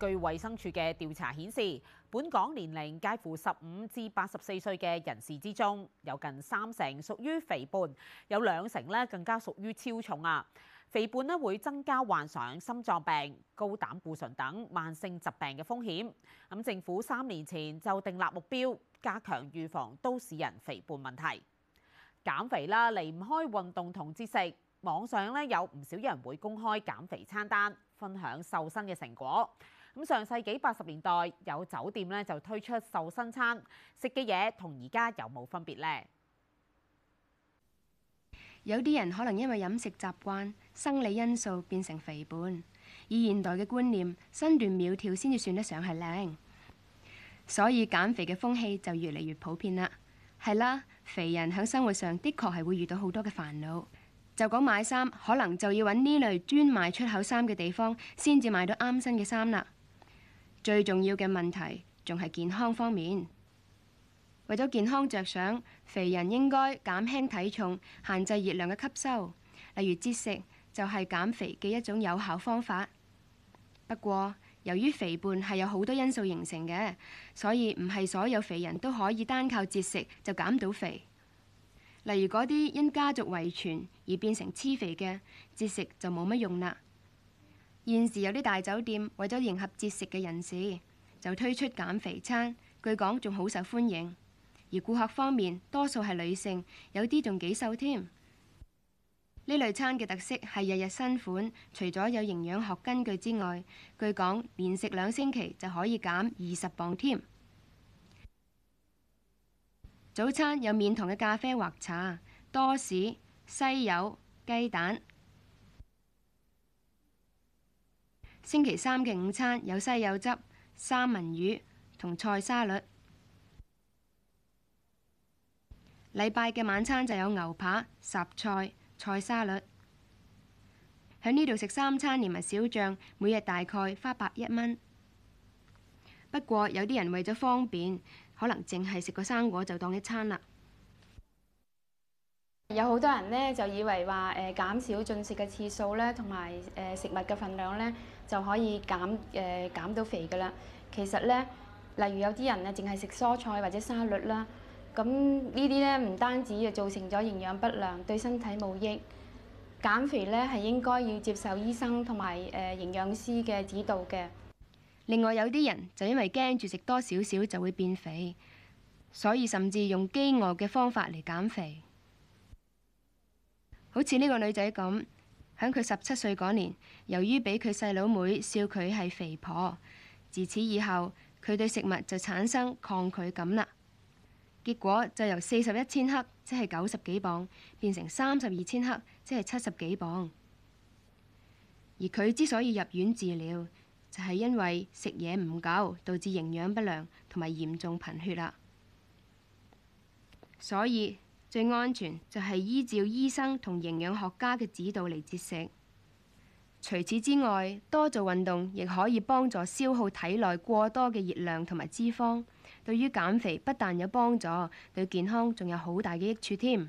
據衛生署嘅調查顯示，本港年齡介乎十五至八十四歲嘅人士之中，有近三成屬於肥胖，有兩成呢更加屬於超重啊。肥胖呢會增加患上心臟病、高膽固醇等慢性疾病嘅風險。咁政府三年前就訂立目標，加強預防都市人肥胖問題。減肥啦，離唔開運動同節食。網上呢有唔少人會公開減肥餐單，分享瘦身嘅成果。咁上世紀八十年代有酒店呢，就推出瘦身餐，食嘅嘢同而家有冇分別呢？有啲人可能因為飲食習慣、生理因素變成肥胖，以現代嘅觀念，身段苗條先至算得上係靚，所以減肥嘅風氣就越嚟越普遍啦。係啦，肥人喺生活上的確係會遇到好多嘅煩惱，就講買衫，可能就要揾呢類專賣出口衫嘅地方先至買到啱身嘅衫啦。最重要嘅問題仲係健康方面，為咗健康着想，肥人應該減輕體重，限制熱量嘅吸收。例如節食就係減肥嘅一種有效方法。不過，由於肥胖係有好多因素形成嘅，所以唔係所有肥人都可以單靠節食就減到肥。例如嗰啲因家族遺傳而變成黐肥嘅，節食就冇乜用啦。現時有啲大酒店為咗迎合節食嘅人士，就推出減肥餐，據講仲好受歡迎。而顧客方面多數係女性，有啲仲幾瘦添。呢類餐嘅特色係日日新款，除咗有營養學根據之外，據講連食兩星期就可以減二十磅添。早餐有免糖嘅咖啡或茶，多士、西柚、雞蛋。星期三嘅午餐有西柚汁、三文魚同菜沙律，禮拜嘅晚餐就有牛扒、什菜、菜沙律。喺呢度食三餐連埋小醬，每日大概花百一蚊。不過有啲人為咗方便，可能淨係食個生果就當一餐啦。有好多人咧就以為話誒，減少進食嘅次數咧，同埋誒食物嘅份量咧就可以減誒減到肥噶啦。其實咧，例如有啲人咧淨係食蔬菜或者沙律啦，咁呢啲咧唔單止造成咗營養不良，對身體冇益。減肥咧係應該要接受醫生同埋誒營養師嘅指導嘅。另外有啲人就因為驚住食多少少就會變肥，所以甚至用飢餓嘅方法嚟減肥。好似呢個女仔咁，喺佢十七歲嗰年，由於俾佢細佬妹笑佢係肥婆，自此以後，佢對食物就產生抗拒感啦。結果就由四十一千克，即係九十幾磅，變成三十二千克，即係七十幾磅。而佢之所以入院治療，就係因為食嘢唔夠，導致營養不良同埋嚴重貧血啦。所以，最安全就係依照醫生同營養學家嘅指導嚟節食。除此之外，多做運動亦可以幫助消耗體內過多嘅熱量同埋脂肪，對於減肥不但有幫助，對健康仲有好大嘅益處添。